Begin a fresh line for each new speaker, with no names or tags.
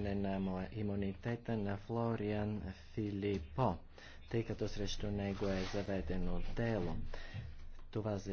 укрепване на имунитета на Флориан Филипо, тъй като срещу него е заведено дело. Това за